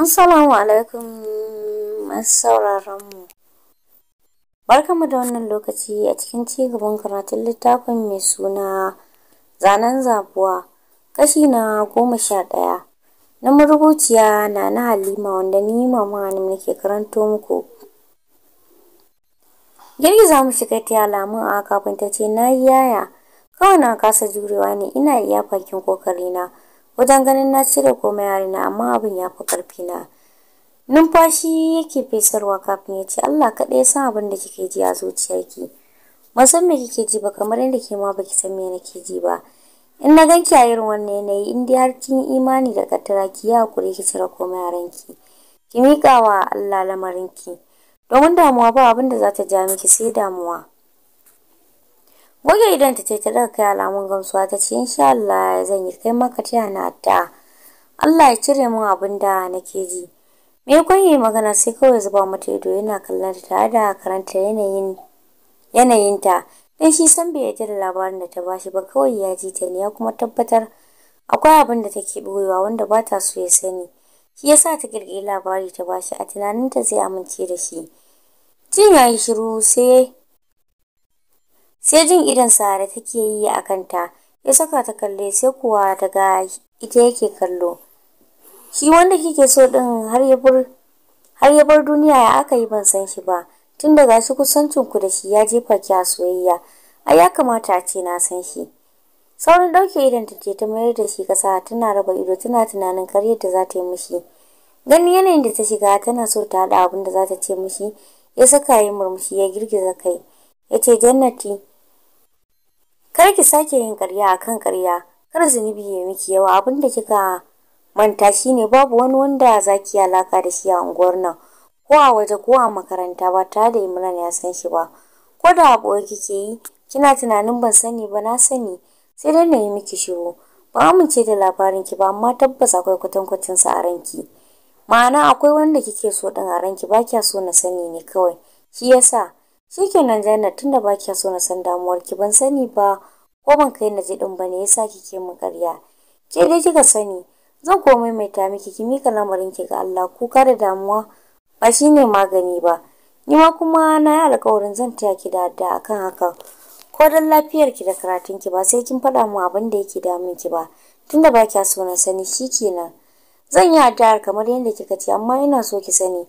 Assalamu alaikum masauraranmu. Barkanmu da wannan lokaci a cikin cigaban karatun littafin mai suna zanen zabuwa kashi na goma sha ɗaya na marubuciya na na halima wanda ni mama ne ke karanto muku. za mu shiga ta alamun a kafin ta ce na yi yaya kawai na kasa jurewa ne ina iya bakin kokarina wajen ganin na cire komai harina amma abin ya fi ƙarfi na numfashi yake fesarwa kafin ya ce Allah kaɗai ya san abin da kike ji a zuciyarki ban san me kike ji ba kamar yadda ke ma ki san me nake ji ba in na ganki a irin wannan yanayi in dai har kin imani da kattara ki ya hakuri ki cire komai a ranki ki miƙa wa Allah lamarinki domin damuwa ba abin da za ta ja miki sai damuwa goge idan ta ce ta daga kai alamun gamsuwa ta ce insha Allah zan yi kai maka taya na ta Allah ya cire mun abin da nake ji me kun yi magana sai kawai zuba mata ido yana kallon ta tare da karanta yanayin yanayinta dan shi san bai yarda da labarin da ta bashi ba kawai ya ji ta ne ya kuma tabbatar akwai abin da take boyewa wanda ba ta so ya sani shi yasa ta kirkiri labari ta bashi a tunaninta zai amince da shi jin yayi shiru sai sai jin idan sare take yi a kanta ya saka ta kalle sai kuwa ta ita yake kallo shi wanda kike so din har ya bar har ya bar duniya ya aka yi ban san shi ba tun daga shi kusancin ku da shi ya jefa ki a soyayya ai ya kamata a ce na san shi saurin dauke idan ta ce ta mayar da shi kasa tana raba ido tana tunanin karyar da za ta yi mishi ganin yanayin da ta shiga tana so ta haɗa abin da za ta ce mishi ya saka yi murmushi ya girgiza kai ya ce jannati kar ki sake yin ƙarya akan ƙarya kar zunubi ya miki yawa abin da kika manta shine babu wani wanda za zaki alaka da shi a unguwar nan ko a waje ko a makaranta ba ta da Imran ya san shi ba ko da abuwa kike yi kina tunanin ban sani ba na sani sai dai na yi miki shiru ba ce da labarin ki ba amma tabbas akwai kwatankwacin sa a ranki ma'ana akwai wanda kike so din a ranki ba kya so na sani ne kawai shi yasa shikenan Zainab tunda ba kiya so na san damuwar ki ban sani ba ko ban kai na je din ba ne yasa kike min ƙarya ke dai kika sani zan ko ta miki ki mika lamarin ki ga Allah kuka da damuwa ba shine magani ba ni ma kuma na yi alƙawarin zan taya ki da da akan haka ko dan lafiyar ki da karatun ki ba sai kin faɗa mu abin da yake damun ki ba tunda ba kiya so na sani shikenan zan yi addu'ar kamar yadda kika ce amma ina so ki sani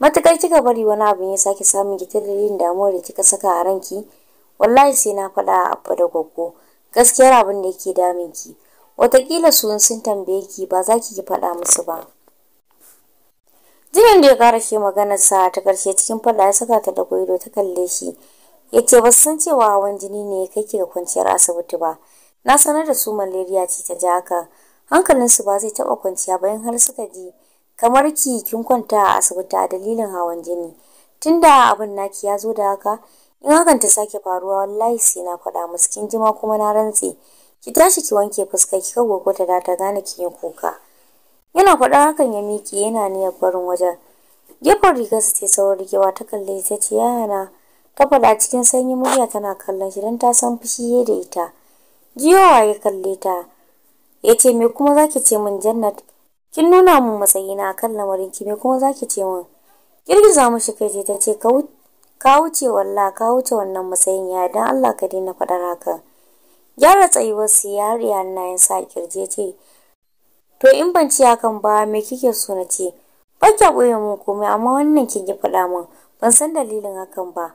matukar kika bari wani abu ya sake samun ki ta yin damuwar da kika saka a ranki wallahi sai na faɗa a abba da gwaggo gaskiyar abin da yake damun ki watakila su sun tambaye ki ba za ki faɗa musu ba jinin da ya ƙara shi maganarsa ta karshe cikin faɗa ya saka ta da goyo ta kalle shi ya ce ba san cewa hawan jini ne ya kai ki ga kwanciyar asibiti ba na sanar da su malaria ce ta ji haka hankalinsu ba zai taɓa kwanciya ba in har suka ji kamar ki kin kwanta a asibiti a dalilin hawan jini tunda abin naki ya zo da haka in hakan ta sake faruwa wallahi sai na faɗa musu kin jima kuma na rantse ki tashi ki wanke fuska ki ka gogota da ta gane kin yi kuka yana faɗa hakan ya miki yana niyyar barin wajen gefen rigar su ce saurin rigewa ta kalle ta ce yana ta faɗa cikin sanyi murya tana kallon shi don ta san fushi da ita jiyowa ya kalle ta ya ce me kuma zaki ce min jannat kin nuna matsayi na kan lamarin ki me kuma zaki ce min girgiza shi kai ta ce ka wuce walla ka wuce wannan matsayin ya dan Allah ka daina faɗar haka gyara tsayuwar su ya riya na yin sa kirje ce to in ban ci hakan ba me kike so na ce ba kya ɓoye komai amma wannan kin ki faɗa min ban san dalilin hakan ba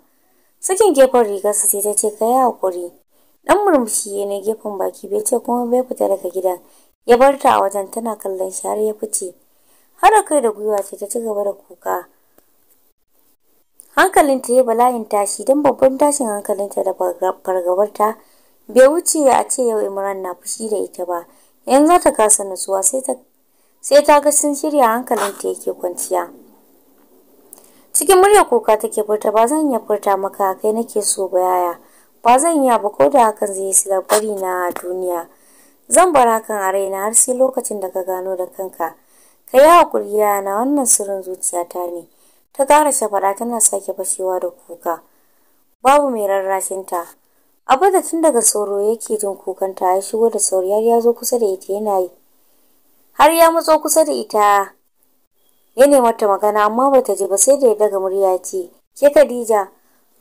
sakin gefen rigarsa sai ta ce ka yi haƙuri dan murmushi ne gefen baki bai ce kuma bai fita daga gidan ya bar ta a wajen tana kallon shi har ya fice har kai da gwiwa ce ta ci gaba da kuka hankalinta ya bala'in tashi don babban tashin hankalinta da fargabarta bai wuce a ce yau imran na fushi da ita ba yanzu za ta kasa nutsuwa sai ta ga sun shirya hankalinta yake kwanciya cikin murya kuka take furta ba zan iya furta maka kai nake so ba yaya ba zan iya ba ko da hakan zai yi silar bari na duniya zan bar hakan a raina har sai lokacin da ka gano da kanka ka yi haƙuriya na wannan sirrin zuciyata ne ta ƙara shafaɗa, tana sake fashewa da kuka babu mai ta. A da tun daga tsoro yake jin kukanta ya shigo da sauri har ya zo kusa da ita yana yi har ya matso kusa da ita ya nemi ta magana amma bata ji ba sai da ya daga murya ce ke Khadija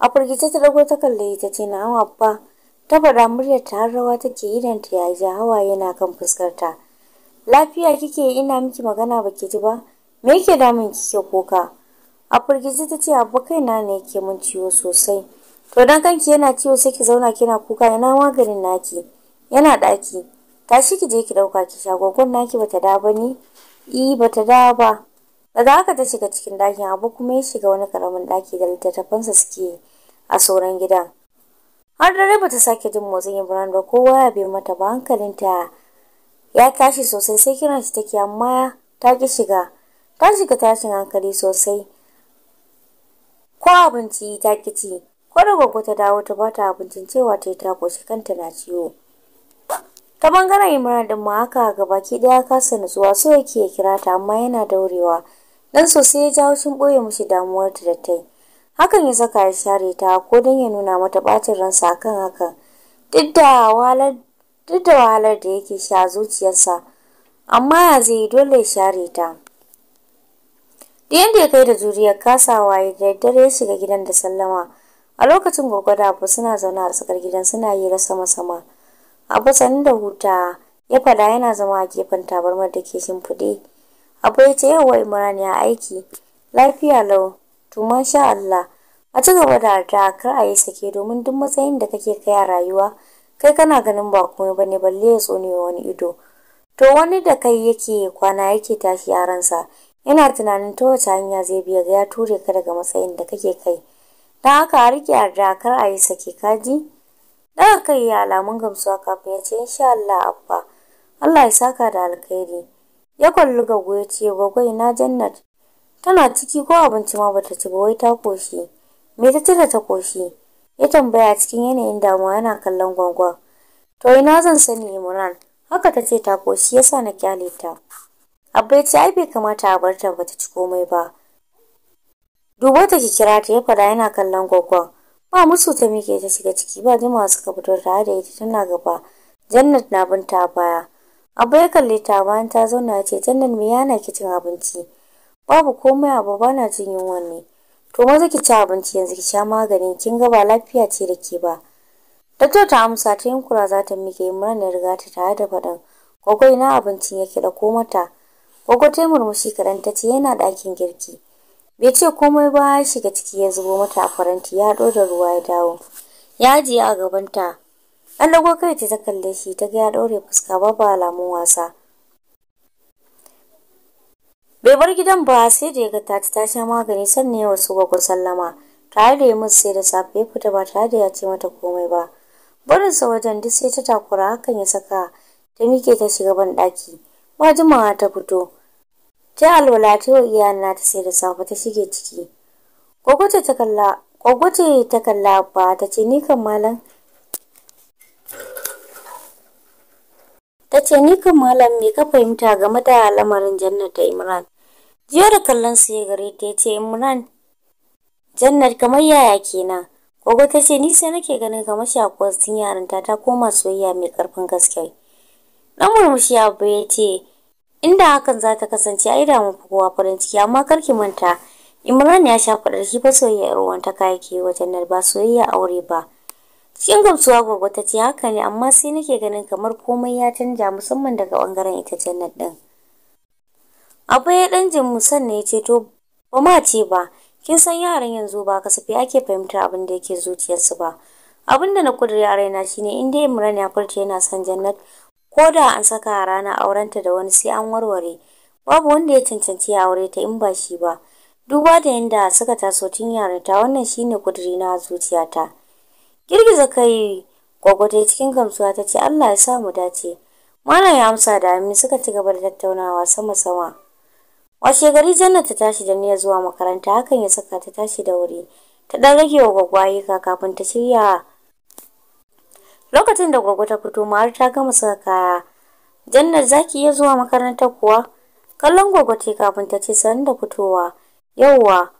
a firgice ta dago ta kalle ta ce na'am abba ta faɗa muryar ta har rawa take idan ta ya ji hawaye yana kan fuskarta lafiya kike ina miki magana baki ji ba me yake damun kike koka? a furgizi ta ce abu kaina ne yake mun ciwo sosai to dan kanki yana ciwo sai ki zauna kina kuka ina maganin naki yana ɗaki tashi ki je ki ɗauka ki sha gogon naki bata da ba ne i bata da ba daga haka ta shiga cikin ɗakin abu kuma ya shiga wani karamin ɗaki da littattafansa suke a sauran gidan har dare ta sake jin motsin Ibrahim ba kowa ya biyu mata ba hankalinta ya tashi sosai sai kiran shi take amma ta ki shiga ta shiga tashin hankali sosai ko abinci ta ki ci ko da gwaggo ta dawo ta bata abincin cewa ta yi ta koshi kanta na ciwo ta bangaren imran din ma haka baki daya kasa nutsuwa so yake ya kira ta amma yana daurewa dan sosai ya jawo shin boye mishi damuwar ta da tai hakan ya saka ya share ta ko don ya nuna mata ɓacin ransa kan hakan duk da wahalar da yake sha zuciyarsa amma ya zai dole ya share ta da yadda ya kai da juriyar kasawa ya daddare ya shiga gidan da sallama a lokacin gwagwada abu suna zaune a tsakar gidan suna yi sama sama abu sanin da huta ya fada yana zama a gefen tabarmar da ke shimfiɗe abu ya ce yawa imran ya aiki lafiya lau to masha Allah a ci gaba da ta kar a yi sake domin duk matsayin da kake kai a rayuwa kai kana ganin ba komai bane balle ya tsone wani ido to wani da kai yake kwana yake tashi a ransa yana tunanin ta wace hanya zai biya ga ya ture ka daga matsayin da kake kai Ta haka a rike addu'a kar a yi sake kaji daga kai yi alamun gamsuwa kafin ya ce insha Allah abba Allah ya saka da alkhairi ya kwallu ga goyo ce gwagwai na jannat tana ciki ko abinci ma bata ci ba wai ta koshi me ta ci ta koshi ya tambaya cikin yanayin damuwa yana kallon gwangwan to ina zan sani imran haka ta ce ta koshi yasa na kyale ta abba ya ce ai bai kamata a bar ta bata ci komai ba dubo ta ki kira ta ya fada yana kallon gwangwa ba musu ta mike ta shiga ciki ba jima suka fito ta da ita tana gaba jannat na binta ta baya abba ya kalle ta bayan ta zauna ce jannat me yana kicin abinci babu komai abu bana jin yunwa ne to maza ki ci abinci yanzu ki sha magani kin ga ba lafiya ce da ke ba ce ta amsa ta yin kura za ta miƙe Imran ya riga ta tare da faɗin Gogo ina abincin yake da ko mata. Gogo ta murmushi kaɗan ta ce yana ɗakin girki. Bai ce komai ba ya shiga ciki ya zubo mata a faranti ya haɗo da ruwa ya dawo. Ya ajiye a gabanta. An dago kai ta ta kalle shi ta ga ya ɗaure fuska babu alamun wasa. bai bar gidan ba sai da ya ga ta ta sha magani sannan ya wasu gwagwar sallama tare da ya musu sai da safe ya fita ba tare da ya ce mata komai ba barinsa wajen duk sai ta takura hakan ya saka ta mike ta shiga ban ɗaki ba jimawa ta fito ta alwala ta yi iyana ta sai da safe ta shige ciki gwagwace ta kalla ta kalla ba ta ce ni kan malam ta ce ni kan malam me ka fahimta game da lamarin jannata imran jiya da kallon su ya gare ta ce imran jannat kamar yaya kenan gogo ta ce ni nake ganin kamar shakuwar sun yaran ta ta koma soyayya mai karfin gaske dan murmushi abu ya ce inda hakan za ta kasance ai da mun kowa farin ciki amma kar ki manta imran ya sha fadar shi fa soyayya ruwan ta kai ke wajen nan ba soyayya aure ba cikin gamsuwa gogo ta ce haka ne amma sai nake ganin kamar komai ya canja musamman daga bangaren ita jannat din abu ya ɗan jin sannan ya ce to ba ma ce ba kin san yaran yanzu ba kasafi ake fahimtar abin da yake zuciyarsu ba abin da na kudiri a raina shine in dai imran ya furta yana son jannat ko da an saka a rana aurenta da wani sai an warware babu wanda ya cancanci ya aure ta in ba shi ba duba da yanda suka taso tun ta wannan shine kudiri na zuciyata girgiza kai gwagwata cikin gamsuwa ta ce allah ya sa mu dace malam ya amsa da amin suka ci gaba da tattaunawa sama sama washe gari Jannat ta tashi da niyyar zuwa makaranta hakan ya saka ta tashi da wuri ta dan rage wa gwagwaye kafin ta shirya lokacin da gwagwa ta fito mar ta gama saka kaya Jannat zaki iya zuwa makarantar kuwa kallon gwagwa ta kafin ta ce san da fitowa yauwa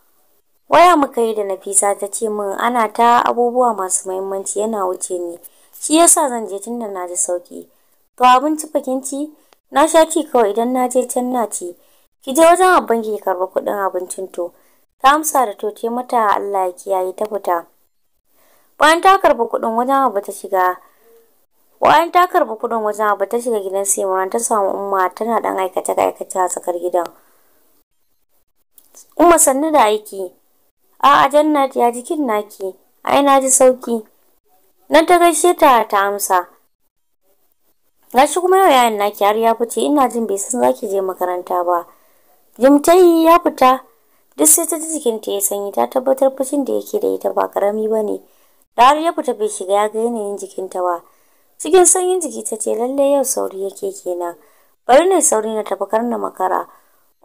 waya muka yi da Nafisa ta ce min ana ta abubuwa masu muhimmanci yana wuce ni shi yasa zan je tunda na da sauki to abinci fakin ci na sha ci kawai idan na je can na ci ki je wajen abban ki karba kuɗin abincin to ta amsa da to ce mata Allah ya kiyaye ta fita bayan ta karba kuɗin wajen abu ta shiga bayan ta karba kuɗin wajen abu ta shiga gidan Simran ta samu umma tana dan aikace aikata a tsakar gidan umma sannu da aiki a'a Jannat ya jikin naki ai na ji sauki nan ta gaishe ta ta amsa gashi kuma yau yayin naki har ya fice ina jin bai san zaki je makaranta ba Yimtai ya fita duk sai ta jikinta ya sanyi ta tabbatar fushin da yake da ita ba karami bane ne. ya fita bai shiga ya ga yanayin jikin ta ba. Cikin sanyin jiki ta ce lalle yau sauri yake kenan. Bari ne sauri na tafi karna makara.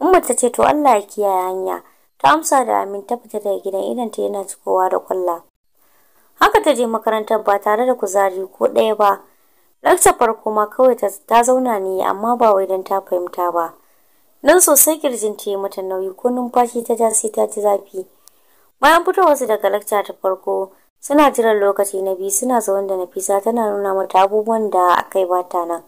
Umma ta ce to Allah ya kiyaye hanya. Ta amsa da amin ta fita daga gidan idan ta yana cikowa da kwalla. Haka ta je makarantar ba tare da kuzari ko ɗaya ba. Lakta farko ma kawai ta zauna ne amma ba wai don ta fahimta ba. nan sosai kirjin ta yi mata nauyi ko numfashi ta ja sai ta ji zafi bayan fito wasu daga lakta ta farko suna jiran lokaci na biyu suna zaune da nafisa tana nuna mata abubuwan da aka yi bata nan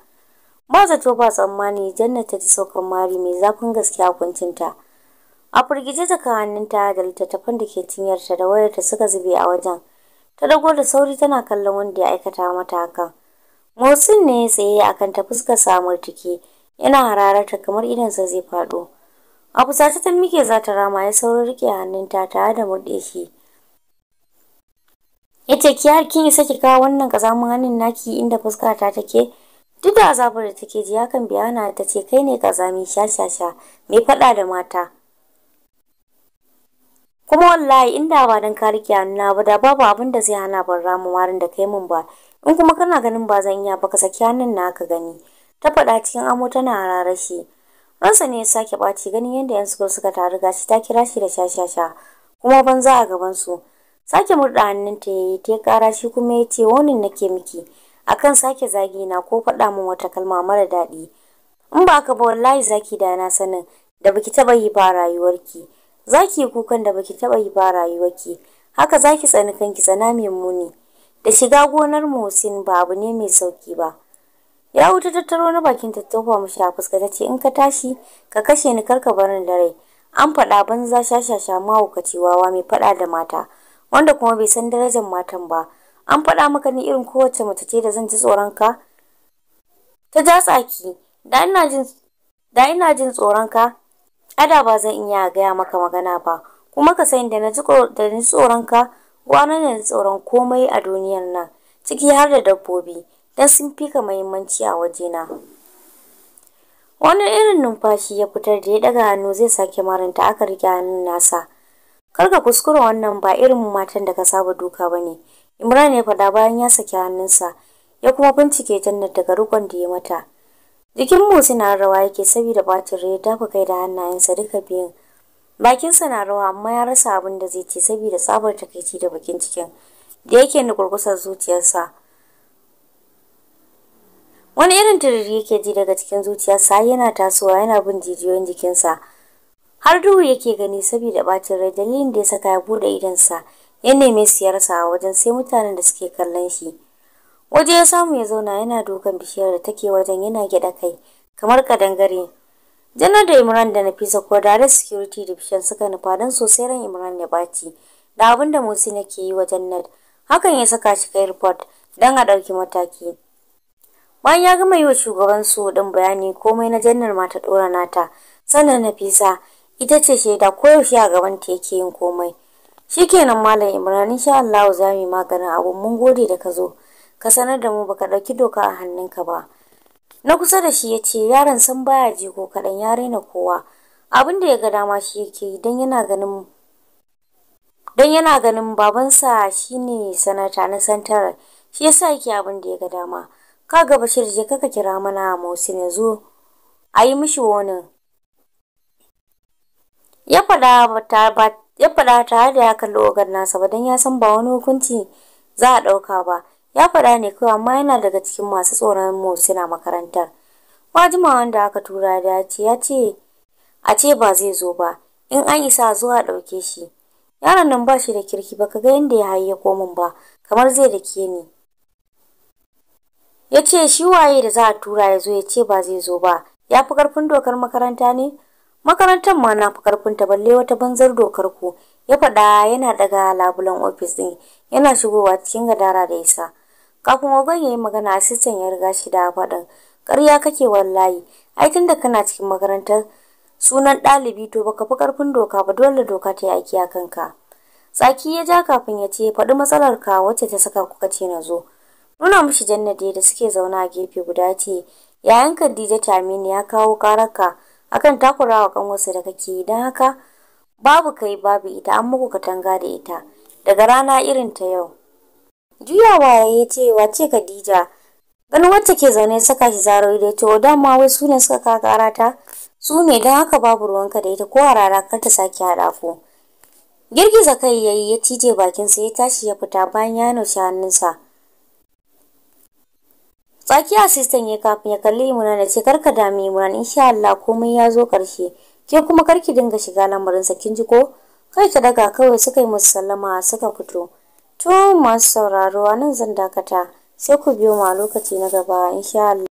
ba zato ba tsammani janna ta ji saukan mari mai zafin gaske a kuncinta a firgice jaka hannunta da littattafan da ke cinyarta da wayar wayarta suka zube a wajen ta dago da sauri tana kallon wanda ya aikata mata hakan motsin ne ya tsaye akan ta fuskar samar tiki yana hararta kamar idansa zai faɗo a fusace ta mike za ta rama ya saurin rike hannunta tare da murɗe shi yace ki har kin isa ki kawo wannan kazamin hannun naki inda fuska ta take duk da azabar da take ji hakan biya hana ta ce kai ne kazami sha sha sha mai faɗa da mata kuma wallahi inda ba dan ka rike hannuna ba da babu abin da zai hana ban ramu warin da kai mun ba in kuma kana ganin ba zan iya ba ka saki hannun naka gani ta faɗa cikin amo tana rarar shi ransa ne ya sake ɓaci ganin yadda yan sukur suka taru gashi ta kira shi da shashasha kuma banza a gaban su sake murɗa hannunta ya yi ta ƙara shi kuma ya ce wani nake miki akan sake zagi na ko faɗa min wata kalma mara daɗi in ba ka ba wallahi zaki da na sanin da baki taɓa yi ba rayuwarki zaki yi kukan da baki taɓa yi ba rayuwarki haka zaki tsani kanki tsana mai muni da shiga gonar Musin ba abu ne mai sauki ba ya wuta tattaro na bakin tattaufa mu sha fuska tace in ka tashi ka kashe ni karka barin da rai an faɗa banza shashasha mahaukaci wawa mai fada da mata wanda kuma bai san darajar matan ba an fada maka ni irin kowace mace ce da zan ji tsoron ka ta ja tsaki da ina jin da ina jin tsoron ka ada ba zan iya gaya maka magana ba kuma ka san da na ji da ni tsoron ka gwanan ne tsoron komai a duniyar nan ciki har da dabbobi don sun fi ka muhimmanci a wajena. Wani irin numfashi ya fitar da ya daga hannu zai sake maranta aka rike hannun nasa. Karka kuskura wannan ba irin matan da ka saba duka ba ne. Imran ya fada bayan ya saki hannunsa ya kuma bincike jannar daga rukon da ya mata. Jikin Musi na rawa yake saboda bacin rai dafa kai da hannayensa duka biyun. Bakinsa na rawa amma ya rasa abin da zai ce saboda tsabar takaici da bakin cikin da yake ni kurkusar zuciyarsa. wani irin tururi yake ji daga cikin zuciyarsa yana tasowa yana bin jijiyoyin jikinsa har duhu yake gani saboda bacin rai dalilin da ya saka ya bude sa ya neme siyarsa a wajen sai mutanen da suke kallon shi waje ya samu ya zauna yana dukan bishiyar da take wajen yana gyaɗa kai kamar kadangare janar da imran da nafisa ko da security division suka nufa don sosai ran imran ya baci da abin da musi nake yi wajen nad hakan ya saka shi kai report don a ɗauki mataki bayan ya gama yi wa shugaban su din bayani komai na jannar ma dora nata sannan nafisa ita ce shaida koyaushe a gaban ta yake yin komai shikenan malam imran insha Allah za mu yi maganin abu mun gode da ka zo ka sanar da mu baka ɗauki doka a hannunka ba na kusa da shi ya ce yaron san baya jiko kaɗan ya raina kowa abin da ya ga dama shi yake yi don yana ganin don yana ganin babansa shine sanata na santarar shi yasa yake abin da ya ga dama kaga bashir je kaka kira mana Musin ya zo a yi mishi wani ya faɗa tare da ya kalli ogar nasa ba don ya san ba wani hukunci za a ɗauka ba ya faɗa ne kawai amma yana daga cikin masu tsoron Musin a makarantar wajima wanda aka tura da ce ya ce a ce ba zai zo ba in an isa zuwa ɗauke shi yaron nan ba shi da kirki ba ka ga inda ya haye min ba kamar zai dake ni ya ce shi waye da za a tura ya zo ya ce ba zai zo ba ya fi karfin dokar makaranta ne makarantar ma na fi karfin ta balle wata banzar dokar ku ya faɗa yana daga labulan ofis ɗin yana shigowa cikin gadara da isa kafin ogan ya yi magana asistan ya riga shi da faɗin ƙarya kake wallahi ai tun da kana cikin makarantar sunan ɗalibi to baka fi karfin doka ba dole doka ta yi aiki a kanka tsaki ya ja kafin ya ce faɗi matsalar ka wacce ta saka kuka ce na zo nuna mushi jannati da suke zauna a gefe guda ce yayan Khadija Tamini ya kawo karaka akan takurawa kanwarsa da kake yi don haka babu kai babu ita an muku katanga da ita daga rana irin ta yau juyawa ya ce wace Khadija ganin wacce ke zaune saka shi zaro da ce oh, dan ma wai su ne suka ka ta? su ne dan haka babu ruwanka da ita ko a rara kar ta sake haɗa ku girgiza kai yayi ya cije bakinsa ya tashi ya fita bayan ya nushi hannunsa Tsaki asistan ya kafin ya kalli Imran ya ce karka dami Imran insha Allah komai ya zo karshe Ke kuma karki dinga shiga sa kin ji ko? Kai ta daga kawai suka yi musu sallama suka fito. To masu sauraro nan zan dakata sai ku biyo ma lokaci na gaba insha Allah.